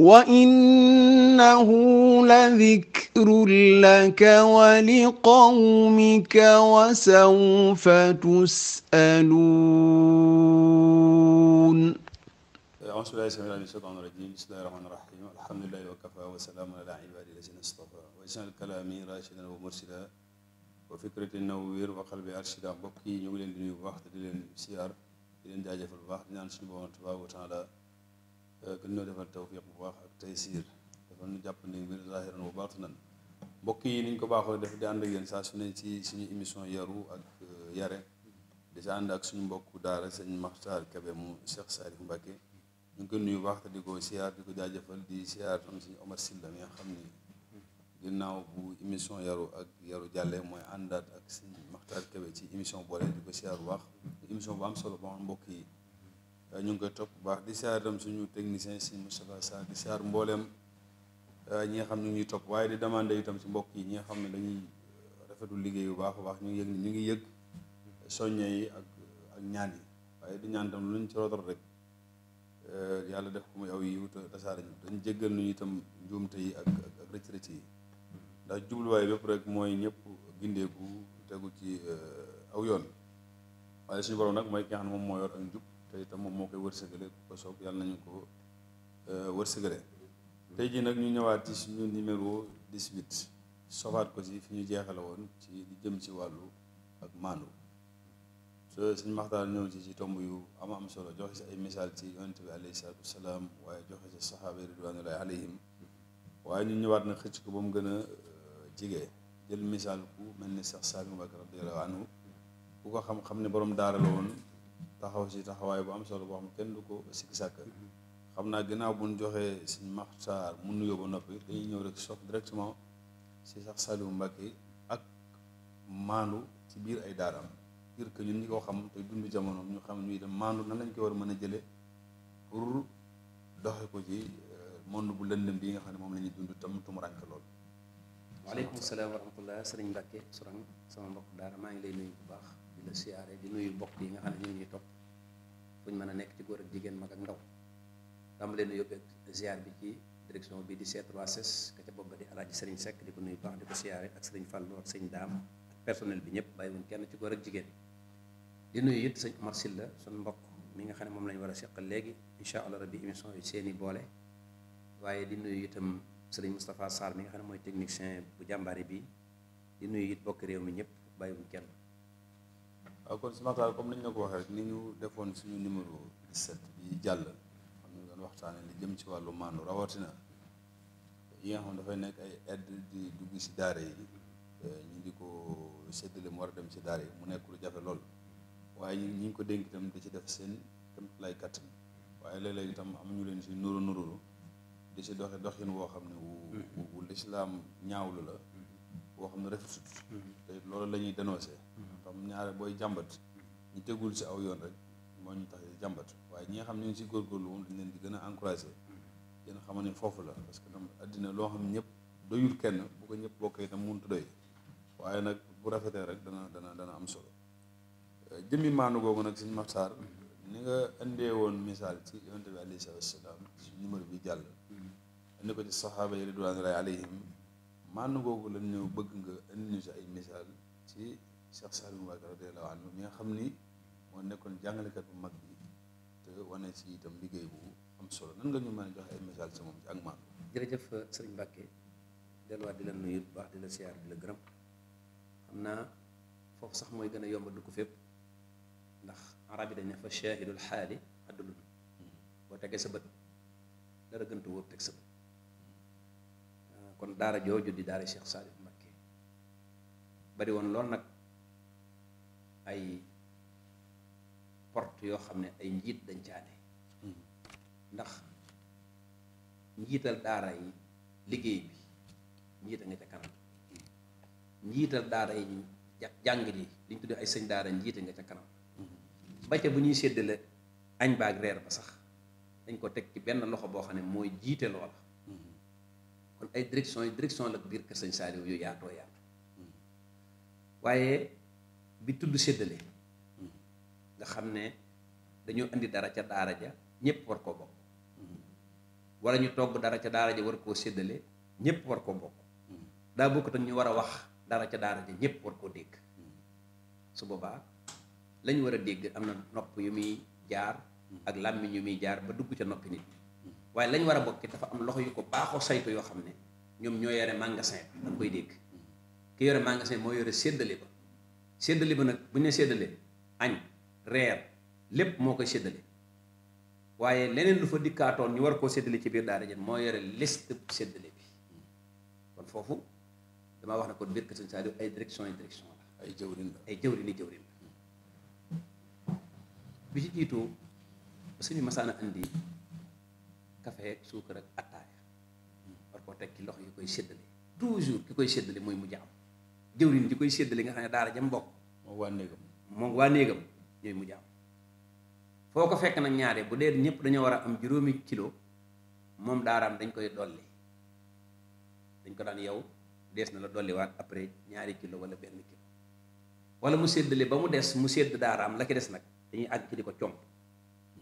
وإنه لذكر لك ولقومك وسوف تسألون أعوذ بالله السميع العليم من الشيطان الرجيم بسم الله الرحمن الرحيم الحمد لله وكفى وسلام على عباده الذين اصطفى وإسلام الكلام راشدا ومرشدا وفكرة نوير وقلب أرشدا بكي ñu ngi leen di nuyu bu baax di leen siyaar di leen jaajëfal bu baax di ñaan suñu Boroom tabaaraka wa taala gën noo defal tawfiq wax ak taysiir dafa nu jàpp ni mbir zahiran wa baatinan mbokk yi niñ ko baaxoo def di ànd ak yéen saa su ne ci suñu émission yaru ak euh, yare di si ànd ak suñu mbokk daara sëñ Maxtaar Kebe mu Cheikh Salif Mbacke ñu ngi ko nuyu baax te di ko siyaar di ko jaajëfal di siyaar tam suñu Omar Sylla mi nga xam ni ginnaaw bu émission yaru ak yaru jàllee mooy àndaat ak sëñ Maxtaar Kebe ci émission boole di ko siyaar bu baax émission bu am solo ba mbokk yi ñu ngi koy topp bu baax di siyaar itam suñu technicien suñu Moustapha Sarr di siyaar mbooleem euh, ñi nga xam ñu ngi topp waaye di demande itam si mbokk yi ñi xam ne dañuy euh, rafetu liggéey bu baax a baax ñu ngi yëg ñu ngi yëg soññe yi ak ak ñaan yi waaye di ñaan itam luñ ci rotor rek euh, yàlla def ko muy aw yiw te tasaare ñu dañ jéggal ñu itam njuumte yi ak ak rëcc-rëcc yi ndax jubluwaay bépp rek mooy ñëpp gindeeku tegu ci aw yoon waaye suñu borom nag mooy ki moom moo yor ak te itam moom moo koy wërsëgale ku ko soob yàlla nañu ko euh, wërsëgale tey jii nag ñu ñëwaat ci suñu numéro 18 sofaat ko ci fi ñu jeexale woon ci jëm ci wàllu ak maandu so suñ maxtaan ñëw ci ci tomb yu am am solo joxe si ay misaal ci yonent bi alayhi waaye joxe si saxaaba ridwanullahi alayhim waaye ñu ñëwaat na xëcc ko ba mu gën a euh, jige jël misaal ku mel ni sax Saalum Bakar radiyallahu anhu ku ko xam-xam ne borom daara la woon taxaw si taxawaay bu am solo boo xam kenn du ko sikki sàkk mhm. xam naa ginnaaw buñ joxee joxee sëñ Maxtaar mu nuyoo ba noppi dañuy ñëw rek soo directement si sax Saliou Mbacké ak maandu ci biir ay daaraam ngir que ñun ñi ko xam te dund jamono ñu xam ñuy dem maandu nan lañ ko war a mën a jële pour doxe ko ci euh, monde bu lëndëm bi nga xam ne moom la ñuy dund tam tumuranke lool waaleykum salaam wa rahmatullah sëriñ Mbacké Sourang sama mbokk daara maa ngi lay nuyu bu baax di la siyaare di nuyu mbokk yi nga xam ne ñu ngi topp fu ñu mën a nekk ci góor ak jigéen mag ak ndaw dama leen yóbbu ak ziar bi ci direction bi di seet 3 s ka ca bopp ba di alaaji sëriñ Seck di ko nuyu baax di ko siyaare ak sëriñ Fallou ak sëñ Daam ak personnel bi ñëpp bàyyi wuñ kenn ci góor ak jigéen di nuyu it sëñ Omar Sylla suñ mbokk mi nga xam ne moom lañ war a seqal léegi incha allah rabbi émission yi seeni boole waaye di nuyu itam sëriñ Moustapha Sarr mi nga xam ne mooy technicien bu jàmbaare bi di nuyu it bokk réew mi ñëpp bàyyi wuñ kenn waaw kon si Makhtar comme nañ la ko waxee rek ni ñu defoon suñu numéro set bi jàll xam ñu doon waxtaane li jëm ci wàllu maandu rawatina yi nga xam dafay nekk ay aide di dugg si daara yi ñu di ko séddale mu war a dem ci daara yi mu nekkulu jafe lool waaye ñi ngi ko dénk itam da ci def seen tam lay waaye léeg-léeg itam am ñu leen si nuru nurulu di si doxe doxin woo xam ne wu wu lislaam ñaawlu la woo xam ne rafetut mm-hmm. te loolu la ñuy xam ñaare booy jàmbat ñu tegul si aw yoon rek moo ñu tax jàmbat waaye ñi nga xam ne ñu ngi si góorgóorlu moom dañ leen di gën a encouragé gën a ne foofu la parce que tam àddina loo xam ñëpp doyul kenn bu ko ñëpp bokkee itam mënut doy waaye nag bu rafetee rek dana dana dana am solo euh, jëmmi maanu googu nag suñu maxtaar ni nga indee woon misaal ci yonent bi alayhi salaatu wasalaam bi jàll ko ci saxaaba yi ridwaanulaahi alayhim maanu googu lañ bëgg nga indi ñu si ay misaal ci Cheikh Saliou Mbacké radiyallahu anhu mi nga xam ni moo nekkoon jàngalekat bu mag bi te wane si itam liggéey bu am solo nan nga ñu mën a joxe ay message sa moom ci ak maanaam. jërëjëf euh, sëriñ Mbacké delluwaat di la nuyu bu baax di la siyaar di la gërëm xam naa foofu sax mooy gën a yomb dugg fépp ndax arab yi dañ ne fa shahidul xaali addulun boo tegee sa bët dara gën wóor teg sa bët euh, kon daara jooju di daara Cheikh Saliou Mbacké bari woon lool nag. ay port yoo xam ne ay njiit dañ caane ndax njiital daara yi liggéey bi njiita nga ca kanam njiital daara yi jàng li luñ tuddee ay sëñ daara njiita nga ca kanam ba bu ñuy séddale añ baag reer ba sax dañ ko teg ci benn loxo boo xam ne mooy jiite loola kon ay direction yi direction la biir kër sëñ Saliou yu yaatoo yaatu waaye bi tudd séddale nga xam ne dañoo indi dara ca daara ja ñëpp war koo bokk wala ñu togg dara ca daara ja war koo séddale ñëpp war koo bokk daa bokk tam ñu war a wax dara ca daara ja ñëpp war koo dégg su boobaa lañ war a dégg am na nopp yu muy jaar ak làmmiñ yu muy jaar ba dugg ca noppi nit waaye lañ war a bokk dafa am loxo yu ko baaxoo saytu yoo xam ne ñoom ñoo yore magasin bi da koy dégg ki yore magasin moo yore séddale ba séddale ba nag bu ñu ne séddale añ reer lépp moo koy séddale waaye leneen du fa dikkaatoon ñu war koo séddale ci biir daara jën moo yore liste séddale bi kon foofu damaa wax ne kon biir kër ay direction ay direction la ay jëwrin la ay jëwrin i jëwrin la bi ci jiitu suñu masaana andi kafe ak suukar ak attaaya war koo teg ci loxo yi koy séddale toujours ki koy séddale mooy mujj am jëwriñ di koy li nga xam ne daara jam bokk moom waa néegam moom waa mu jaam foo ko fekk nag ñaare bu dee ñëpp dañoo war a am juróomi kilo moom daaraam dañ koy dolli dañ ko daan yow dees na la dolliwaat après ñaari kilo wala benn kilo wala mu séddale ba mu des mu sédd daaraam la ki des nag dañuy àgg ci di ko comp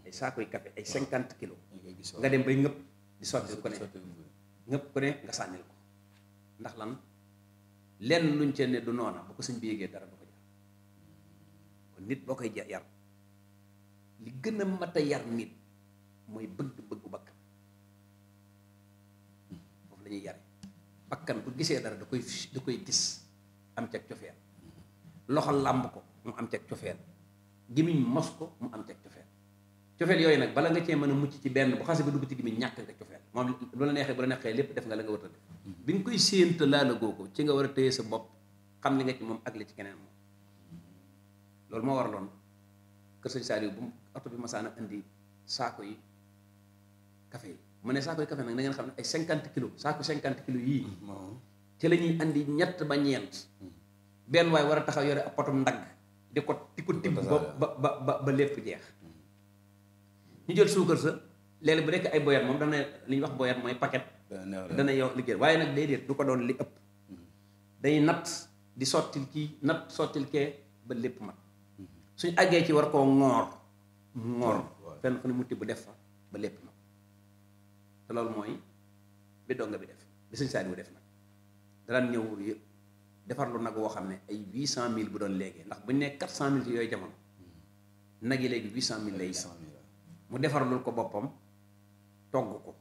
ay saakoy café ay cinquante kilo nga dem bay ngëpp di sotti ko ne ngëpp ko ne nga sànnil ko ndax lan lenn luñ ca ne du noona bu ko sëñ bi yégee dara du ko jar kon nit boo koy yar li gën a mat a yar nit mooy bëgg-bëggu bakkan foofu la ñuy yare bakkan bu gisee dara da koy da koy gis am ceeg cofeel loxo làmb ko mu am ceeg cofeel gimiñ mos ko mu am ceeg cofeel cofeel yooyu nag bala nga cee mën a mucc ci benn bu xase ba dugg ci gimiñ ñàkk nga cofeel moom lu la neexee bu la neexee lépp def nga la nga war bi nga koy séent laala googu ci nga war a téye sa bopp xam ni nga ci moom ak li ci keneen moom loolu moo waraloon kër sëñ Saliou bu oto bi masaana indi saako yi café yi ne saako yi nag na xam ne ay cinquante kilos saako cinquante kilos yii ci la ñuy andi ñett ba ñeent hmm. benn waay war a taxaw yore ab potum ndagg di ko di ko tibb ba ba ba ba lépp jeex hmm. ñu jël suukar sa léeg bi nekk ay boyat moom dana li ñuy wax boyat mooy paket dana yow liggéey waaye nag déedéet du ko doon li ëpp day natt di sottil kii natt sottil kee ba lépp mat suñu àggee ci war koo ŋoor ŋoor fenn fu ne mutti bu def fa ba lépp mat te loolu mooy bi donga bi def bi suñ saani wu def nag danaan ñëw defar lu nag woo xam ne ay huit cent mille bu doon léegi ndax bu ñu nee quatre cent mille ci yooyu jamono nag yi léegi huit cent mille lay mu defarlul ko boppam togg ko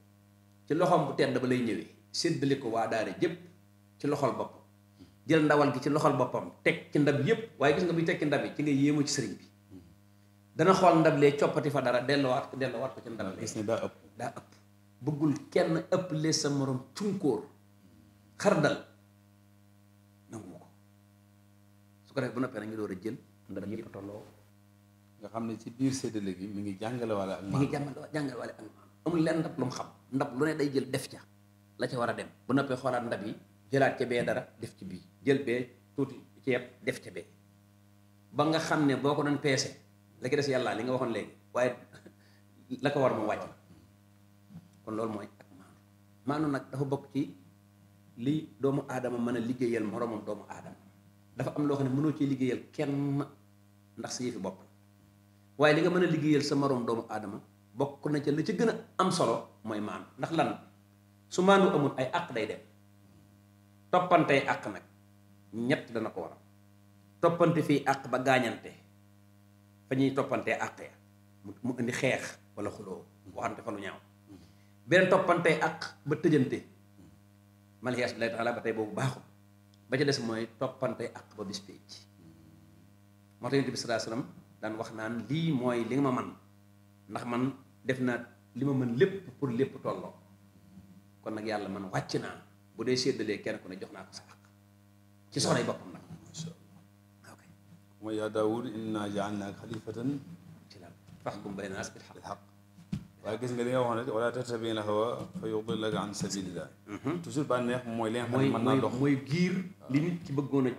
ci loxoom bu tedd ba lay ñëwee séddale ko waa daara jëpp ci loxol boppam jël ndawal gi ci loxol boppam teg ci ndab yëpp waaye gis nga bi teg ci ndab yi ci nga yéemu ci sëriñ bi dana xool ndab lee coppati fa dara delloowaat ko delloowaat ko gis nga daa ëpp daa ëpp bëggul kenn ëpp lee sa moroom cunkóor xardal nangu ko su ko defee bu noppee nag ñu door a jël ndab yëpp nga xam ne ci biir séddale gi mi ngi jàngale wala ak. mi ngi jàngale wala jàngale amul lenn ndab lu mu xam. ndab lu ne day jël def ca la ca war a dem bu noppee xoolaat ndab yi jëlaat ca bee dara def ci bii jël bee tuuti ceeb def ca bee ba nga xam ne boo ko doon peese la ki des yàllaa li nga waxoon léegi waaye la ko war moom wàcc kon loolu mooy ak maanu nag dafa bokk ci li doomu aadama mën a liggéeyal moroomam doomu aadama dafa am loo xam ne mënoo ci liggéeyal kenn ndax sa yëfi bopp waaye li nga mën a liggéeyal sa moroom doomu aadama bokk na ca la ca gën a am solo mooy maandu ndax lan su maandu amul ay àq day dem toppante ay àq nag ñett dana ko waral toppante fii àq ba gaañante fa ñuy toppantee àq ya mu indi xeex wala xuloo waxante fa lu ñaaw beneen toppante àq ba tëjante malxias bi lay tax ba tey boobu baaxul ba ca des mooy toppante àq ba bis pénc moo tax yonent bi salaa salaam daan wax naan lii mooy li ma man ndax man def naa li ma mën lépp pour lépp tolloo kon nag yàlla man wàcc naa bu dee seddalee kenn ku ne jox naa ko sa àq ci soxlay boppam nag ok mooy yaa daawud inna jaalnaaka xalifatan ci la faxkum bayna naas bil xaq waaye gis nga li nga wax ne wala tattabi al hawa fa yudillaka an sabilillah mhm. mooy li nga xam ne mën naa dox mooy giir li nit ki bëggoon a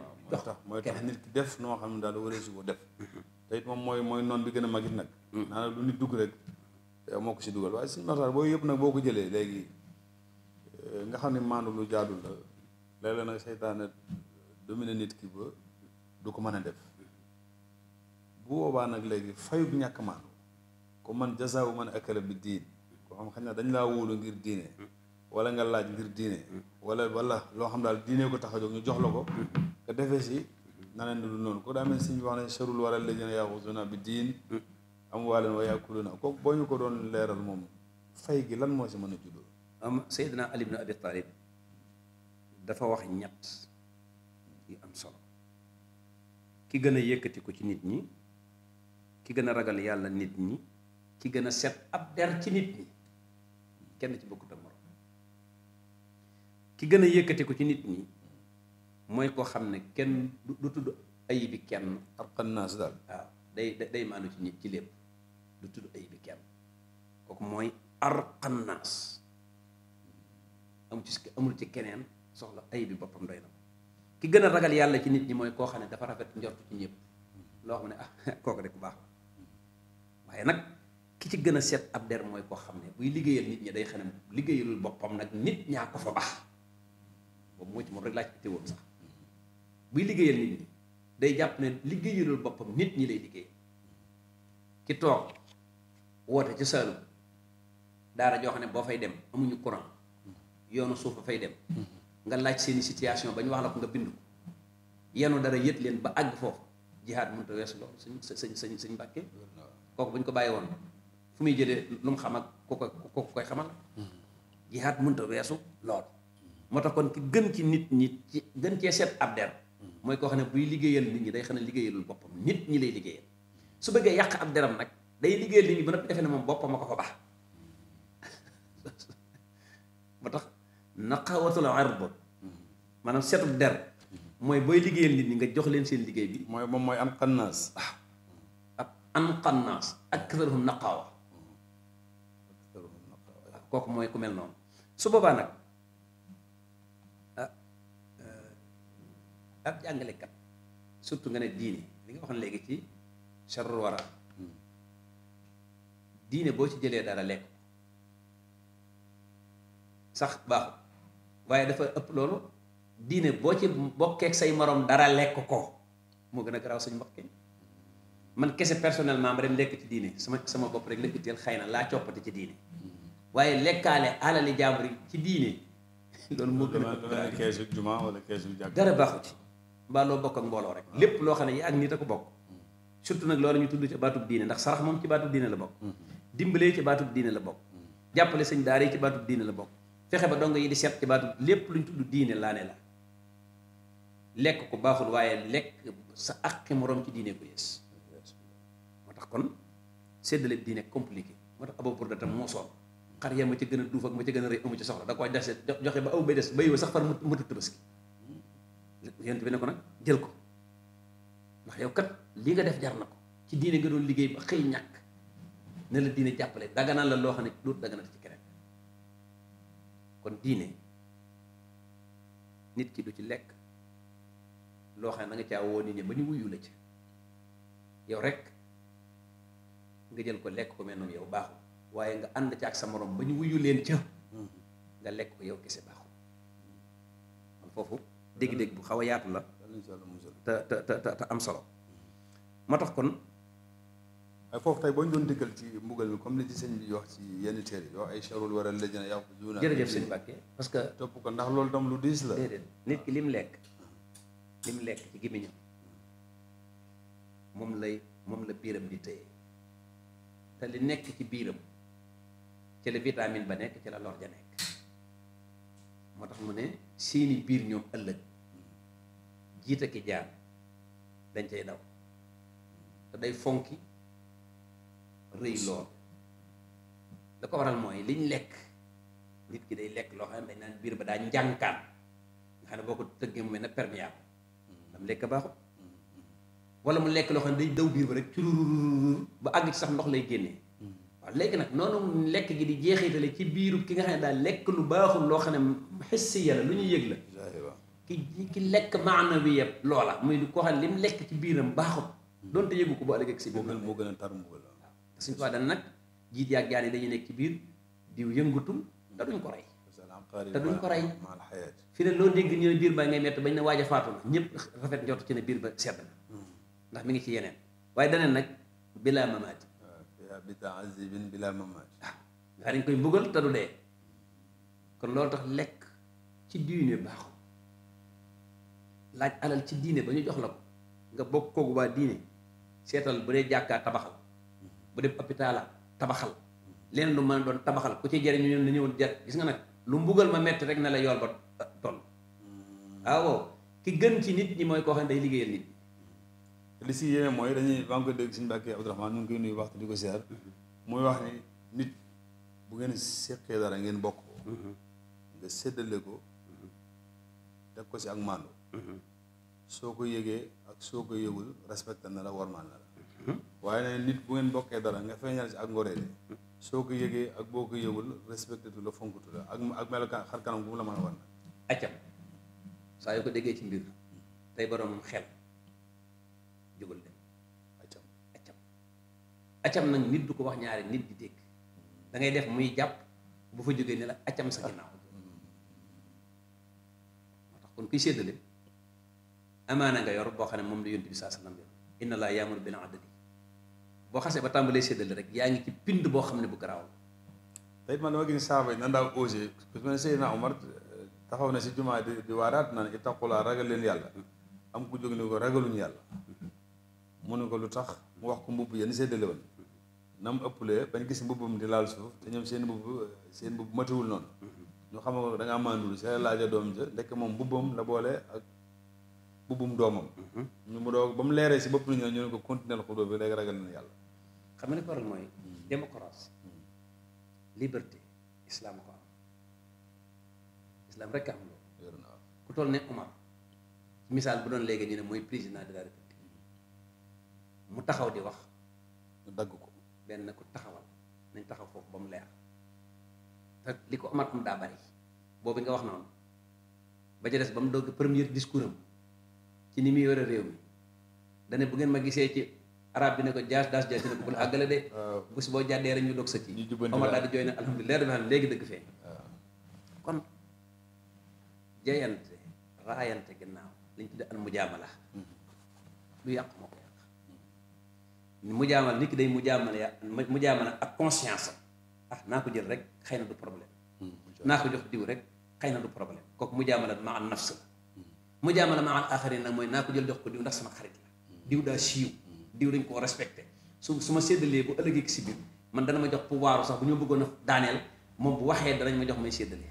mooy tax nit ki def noo xam ne daal waree si def mhm. te moom mooy mooy noonu bi gën a magit nag mhm. naa lu nit dugg rek yow moo ko si dugal waaye suñu maxtaar booy yëpp nag boo ko jëlee léegi eh, nga xam ne maandu lu jaadul la léeg-léeg nag seytaane domine nit ki ba du ko mën a def bu boobaa nag léegi fayub ñàkk maandu ko man jasaawu man akala bi diin koo xam xam naa dañ laa wóolu ngir diine wala nga laaj ngir diine wala wala loo xam daal diine ko tax a ñu jox la ko nga defee si na du noonu ko daa mel sëñ wax ne sharul waral lajina yaxuzuuna bi diin am waalan wa yaakuluna kooku boo ñu ko doon leeral moom fay gi lan moo si mën a juddoo am Seydina Ali ibn Abi dafa wax ñett yu am solo ki gën a yëkkati ci nit ñi ki gën a ragal yàlla nit ñi ki gën a set ab der ci nit kenn ci bokkut ak morom ki gën a yëkkati ci nit ñi mooy koo xam ne kenn du tudd ayibi kenn arqan naas daal waaw day day maanu ci nit ci lépp lu tudd ay bi kenn kooku mooy arqannaas amu ci amul ci keneen soxla ayib bi boppam doy na ki gën a ragal yàlla ci nit ñi mooy koo xam ne dafa rafet njortu ci ñëpp loo xam ne ah kooku de ku baax la waaye nag ki ci gën a seet ab der mooy koo xam ne buy liggéeyal nit ñi day xam liggéeyalul boppam nag nit ñaa ko fa moo ci moom rek laa ci teewoon sax buy liggéeyal nit ñi day jàpp ne liggéeyalul boppam nit ñi lay liggéey ki toog woote ca Saalum daara joo xam ne boo fay dem amuñu courant yoonu suufa fay dem nga laaj seeni situation ba ñu wax la ko nga bindu yenu dara yët leen ba àgg foofu jihaad mënut a weesu loolu suñ sañ sañ sañ ko bàyyi woon fu muy jëlee lu mu xam ak ku xamal jihaad mënut a weesu lool moo tax kon ki gën ci nit ñi ci gën cee seet ab der mooy koo xam ne buy liggéeyal nit ñi day xam ne liggéeyalul boppam nit ñi lay liggéeyal su bëggee yàq ab deram nag day liggéey nit ñi ba noppi defe ne moom boppam a ko fa baax moo tax naqawatul ard maanaam seetub der mooy booy liggéeyal nit ñi nga jox leen seen liggéey bi. mooy moom mooy am xannaas. waaw ah. ab am naqaawa kooku mooy ku mel noonu su boobaa nag ah, ah jàngalekat surtout nga ne diini li nga wax léegi ci charru wara diine boo ci jëlee dara lekk sax baaxul waaye dafa ëpp loolu diine boo ci bokkeek say morom dara lekk ko moo gën a garaaw sañ mbokkee man kese personnellement ma dem lekk ci diine sama sama bopp rek lekk teel xëy na laa coppate ci diine waaye lekkaale alali jàmbur yi ci diine loolu moo gën a keesu juma wala keesu jàkk dara baaxu ci mbaa loo bokk ak mbooloo rek ah. lépp loo xam ne yi ak nit a ko bokk hmm. surtout nag loolu ñu tudd ci baatub diine ndax sarax moom ci baatub diine la bokk hmm. dimbalee ci baatub diine la bokk jàppale sañ daar yi ci baatub diine la bokk fexe ba dong yi di seet ci baatub lépp luñ tudd diine laa ne la lekk ko baaxul waaye lekk sa aqi moroom ci diine ko yées moo tax kon séddale diine compliqué moo tax abo pour da tam moo soon xar ya ma ci gën a duuf ak ma ci gën a rëy amu ci soxla da ko dese joxe ba aw bay des bay wa sax far matu tabaski yent bi ne ko nag jël ko ndax yow kat li nga def jar na ko ci diine nga doon liggéey ba ne la diine jàppale daganal la loo xam ne duut daganal ci keneen kon diine nit ki du ci lekk loo xam ne da nga caa woo nit ñi ba ñu wuyu la ci yow rek nga jël ko lekk ko mel noonu yow baaxul waaye nga ànd ci ak sa moroom ba ñu wuyu leen ca nga lekk ko yow kese baaxul man foofu dégg-dégg bu xaw a yaatu la te te te te am solo moo tax kon waaye foofu tey boo ñu doon dikkal ci mbugal mi comme li ci sëñ bi wax ci yenn téere yi wax ay charul waral la jën yàqu duuna jërëjëf sëñ Mbàkke parce que topp ko ndax lool tam lu diis la déedéet nit ki lim lekk lim lekk ci gémmiñam moom lay moom la biiram di tëye te li nekk ci biiram ci la vitamine ba nekk ci la lor ja nekk moo tax mu ne seeni biir ñoom ëllëg jiita ki jaan dañ cay daw te day fonki rëy lool la ko waral mooy liñ lekk nit ki day lekk loo xam ne dañ naan biir ba daa njànkaan nga xam ne boo ko tëggee mu mel ne perméable dam lekk baaxut mu lekk loo day daw biir ba rek ba àgg ci ndox lay génnee waaw nag noonu lekk gi di jeexitale ci biirub ki nga xam ne daal lekk lu baaxul xam ne xissi yàlla lu ñuy yëg ki lekk maana bi yëpp loola muy koo xam ne li mu lekk ci biiram baaxut doonte yëgu ko bu ëllëg ak si moo gën a tar mbugal suñu tubaab dana nag jiit yaag jaan yi dañuy nekk ci biir diw yëngatu te duñ ko rey te duñ ko rey fi ne loo dégg ñu ne biir ba ngay mett bañ ne waaj a faatu na ñëpp rafet njort ci ne biir ba sedd na ndax mi ngi ci yeneen waaye daneen nag bilaa mamaati bilaa mamaati waaw dañ koy mbugal te du dee kon loolu tax lekk ci diine baaxul laaj alal ci diine ba ñu jox la ko nga bokk koogu baa diine seetal bu dee jàkkaar tabaxal bu dem hôpital tabaxal leen lu mën a doon tabaxal ku ci jëriñu ñun la ñëwul jar gis nga nag lu mbugal ma metti rek na la yool ba toll ah, waaw ki gën ci nit ñi mooy koo xam day liggéeyal nit li mooy dañuy maa ngi koy dégg suñu ñu ngi koy nuyu waxtu di ko siyaar muy wax ni nit bu ngeen seqee dara ngeen bokk ko mhm. nga séddale ko mhm. teg ko si ak maandu mhm. soo ko yëgee ak soo ko yëgul respecté na la warmaan na la waaye nag nit bu ngeen bokkee dara nga feeñal ci ak ngoree soo ko yëgee ak boo ko yëgul respecté tu la fonkatu la ak ak melokaan xar kanam bu mu la mën a wan accam saa yu ko déggee ci mbir tey boroomam xel jógal dem accam accam du ko wax ñaari nit di dégg da def muy jàpp bu fa jógee ne la accam sa ginnaaw moo tax yor boo xam ne moom la yonent bi saa sallam yor inna laa yaamuru bil adli boo xasee ba tàmbalee séddale rek yaa ngi ci pind boo xam ne bu garaaw la tey ma dama gis saaba yi nan daaw osé parce que Seydina Omar euh, taxaw na si jumaa di di waaraat naan ittaqulaa ragal leen yàlla am ku jóg ni ko ragaluñu yàlla mu ne ko lu tax mu wax ko mbubb yéen séddale woon na mu ëppalee bañ gis mbubbam di laal suuf te ñoom seen mbubb seen mbubb matiwul noonu ñu xam nga da ngaa maandul si laaja doom ja ndekk moom mbubbam la boole ak bubbum doomam. Mhm. ñu mu doog ba mu leeree si bopp nañu ñu ne ko continuer la xutba bi léegi ragal na yàlla. xam nga li ko waral mooy. démocratie mhm. liberté ko am islam rek am loolu. ku toll ne Omar misaal bu doon léegi ñu ne muy président de la république mhm. mu taxaw di wax. ñu dagg ko benn ku taxawal nañ taxaw foofu ba mu leer te li ko Omar kum daa bari boobu nga wax noonu ba ca des ba mu doog premier discours am. ci ni muy yore réew mi dane bu ngeen ma gisee ci arab bi ne ko jaas daas jaas ne ko bul àggale de bés boo jàddee rek ñu dog sa ci Omar daal di jooy ne alhamdulilah rabbil alamin léegi dëgg fee kon jeyante raayante ginnaaw lañ tuddee al mujaamala mm-hmm. lu yàq moo ko yàq mm-hmm. mujaamal nit ki day mujaamal ya mujaamala ak conscience ah naa ko jël rek xëy na du problème mm-hmm. naa ko jox diw rek xëy na du problème kooku mujaamala ma an nafs la mu jaamala ma al axarin nag mooy naa ko jël jox ko diw ndax sama xarit la diw daa siiw diw dañ koo respecté su su ma séddalee bu ëllëgee si biir man dana ma jox pouvoir sax bu ñu bëggoon a daaneel moom bu waxee danañ ma jox may séddalee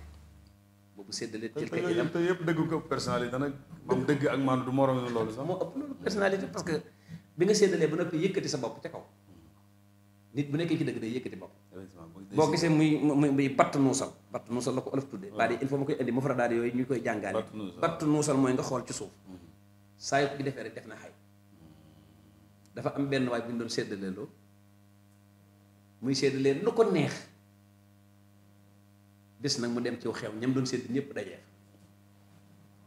boobu séddalee jël kay itam te yëpp dëgg ko personnalité nag moom dëgg ak maanaam du morom loolu sax moo ëpp loolu personnalité parce que bi nga séddalee ba noppi yëkkati sa bopp ca kaw nit bu nekkee ci dëgg day yëkkati bopp boo gisee muy muy batt nuusal batt nuusal la ko olof tuddee baa il faut ma koy indi ma fara daal yooyu ñu koy jàngaale batt nuusal mooy nga xool ci suuf mhm. saa yu ko defee rek def na xay mhm. dafa am benn waay bu ñu doon séddalee loo muy séddalee lu ko neex bis nag mu dem ci waxeew ñam doon sédd ñëpp dajee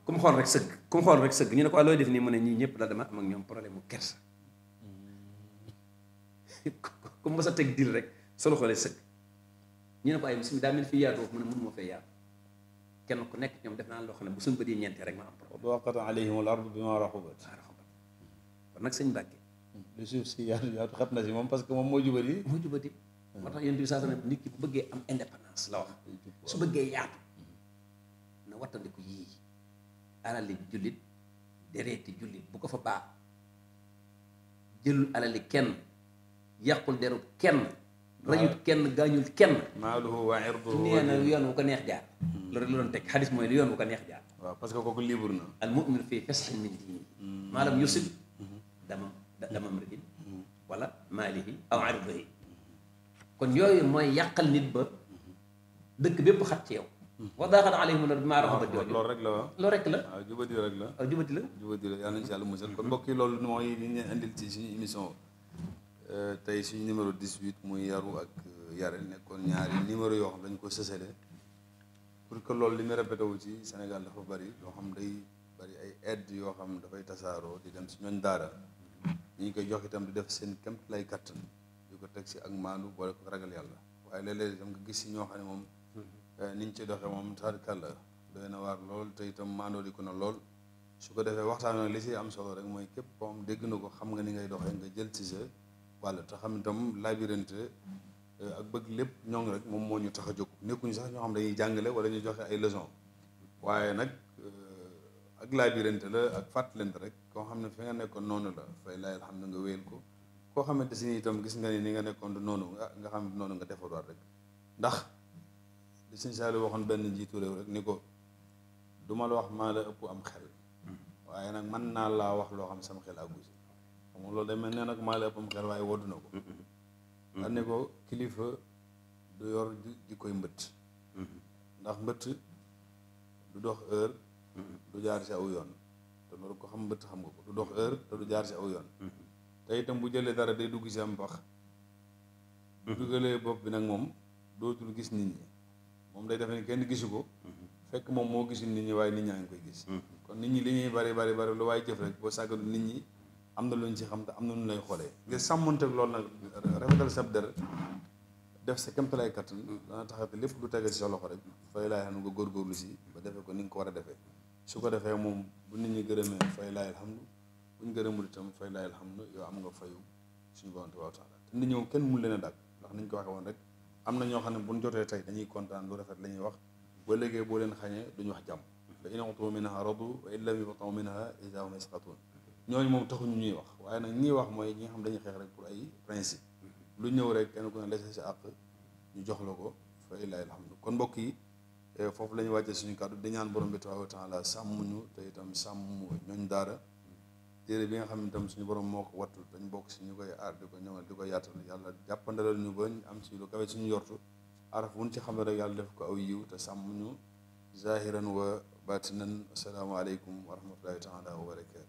ku mu xool rek sëgg ku mu sëgg ñu ne ko looy def nii mu ne ñii ñëpp la dama am ak ñoom problème mu kersa ku mu sa teg dil rek sa loxo lay sëgg ñu ne ko ay bisimilah daa mel fii yaatu mu ne mënuma fee yaatu kenn ku nekk ñoom def naa loo xam ne bu suñ bëri ñeenti rek ma am problème. daqat alayhim al ard bima raxubat kon moom parce que moom moo jubati. moo jubati moo tax bu bëggee am indépendance la wax su bëggee yaatu na wattandiku yii alali jullit dereeti jullit bu ko fa baax jëlul alali kenn yàqul deru kenn rajut kenn gaañul kenn maaluhu wa irduhu nee na yoon wu ko neex jaar hmm. loolu rek la doon teg xadis mooy yoon wu ko neex jaar waaw parce que kooku libre na al mu'min fii fasxin min diini hmm. maalam yusib hmm. damam damam riin wala maalihi aw irdihi kon yooyu mooy yàqal nit ba dëkk bépp xat ci yow wa daaxal alayhim la maa raxabat ah, jooju loolu rek la waaw loolu rek la waaw ah, jubadi rek la waaw ah, jubadi la jubadi la yàlla nañ si yàlla musal kon mbokk yi loolu mooy li ñu leen indil ci suñu émission Euh, tey suñu numéro 18 muy yaru ak euh, yare nekkoon ñaari numéro yoo xam dañ ko sësale pour que loolu li mu répété wu ci Sénégal dafa bari yoo xam day bari ay aide yoo xam dafay tasaaroo di dem si ñooñ daara ñu ngi koy jox itam di def seen kémt lay kattan di ko teg si ak maandu boole ko ragal yàlla waaye léeg-léeg itam nga gis si ñoo xam ne moom euh, niñ ci doxee moom taarikàlla doy na waar lool te itam maandoo di ko na lool su ko defee waxtaan nag li si am solo rek mooy képp koo dégg na ko xam nga ni ngay doxee nga jël ci wàll te xam ne itam labyrinthe euh, ak bëgg lépp ñoŋ rek moom moo ñu tax a jóg nekkuñu sax ñoo xam ne dañuy jàngale wala ñuy joxe ay leçon waaye nag euh, ak labyrinthe la ak fàttalante rek koo xam ne fi nga nekkoon noonu la fay laay xam ne nga wéyal ko koo xamante si ni itam gis nga ni ni nga nekkoon du noonu nga xam noonu nga defarwaat rek ndax si li sëñ Saliou waxoon benn njiitu réew rek ni ko du la wax maa la ëpp am xel mm-hmm. waaye nag mën naa laa wax loo xam sama xel àggu si xam nga loolu day mel ne nag maa la ëppam xel waaye woddu na ko mm-hmm. Mm-hmm. daan ne ko kilifa du yor ji koy mbëtt mm-hmm. ndax mbëtt du dox heure du jaar si aw yoon te xam mbëtt xam nga dox heure jaar si aw yoon te itam bu jëlee dara day dugg si am pax bu dugalee bopp bi nag moom dootul gis nit ñi moom day defe ne kenn gisu ko fekk moom moo gisul nit ñi waaye nit ñaa ngi koy gis kon nit ñi li ñuy bari bari bari lu waaye jëf rek boo sàgganu nit ñi am na luñ ci xam te am na ñu lay xoolee nga sàmmanteeg loolu nag rafetal sab der def sa kéemtalaay kat dana taxate lépp lu tege si sa rek fay laay xam nga góorgóorlu si ba defee ko ni nga ko war a defee su ko defee moom bu nit ñi gërëmee fay laay alhamdu buñ ñu gërëmul itam fay laay alhamdu yow am nga fayu suñu borom tabaaraka taala te nit ñëw kenn mun leen a dàq ndax niñ ko waxee woon rek am na ñoo xam ne bu ñu jotee tey dañuy kontaan lu rafet la ñuy wax ba léegi boo leen xañee duñu wax jàmm fa in utu minha radu wa in lam yutu minha idahum yasqatun ñooñu moom taxuñu ñuy wax waaye nag ñuy wax mooy ñi nga xam dañuy xeex rek pour ay principe lu ñëw rek kenn ku ne si àq ñu jox la ko fa illaahi alhamdu kon mbokk yi eh, foofu la ñu wàccee suñu kàddu di ñaan borom bi tabaaraka wa taala sàmm ñu te itam sàmm ñooñ daara téere bi nga xam ne itam suñu borom moo ko wattu dañ bokk si ñu koy aar di ko ñëwal di ko yaatal yàlla jàppandalal ñu ba ñu am si lu kawe suñu yortu araf wuñ ci xam ne rek yàlla def ko aw yiw te sàmm ñu zahiran wa batinan asalaamaaleykum wa rahmatullahi taala wa barakaatu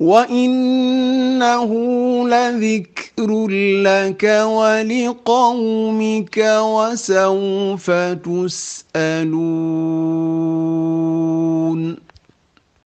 وإنه لذكر لك ولقومك وسوف تسألون